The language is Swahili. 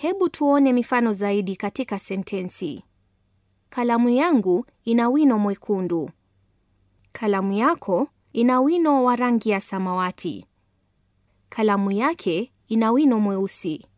Hebu tuone mifano zaidi katika sentensi. Kalamu yangu ina wino mwekundu. Kalamu yako ina wino wa rangi ya samawati. Kalamu yake ina wino mweusi.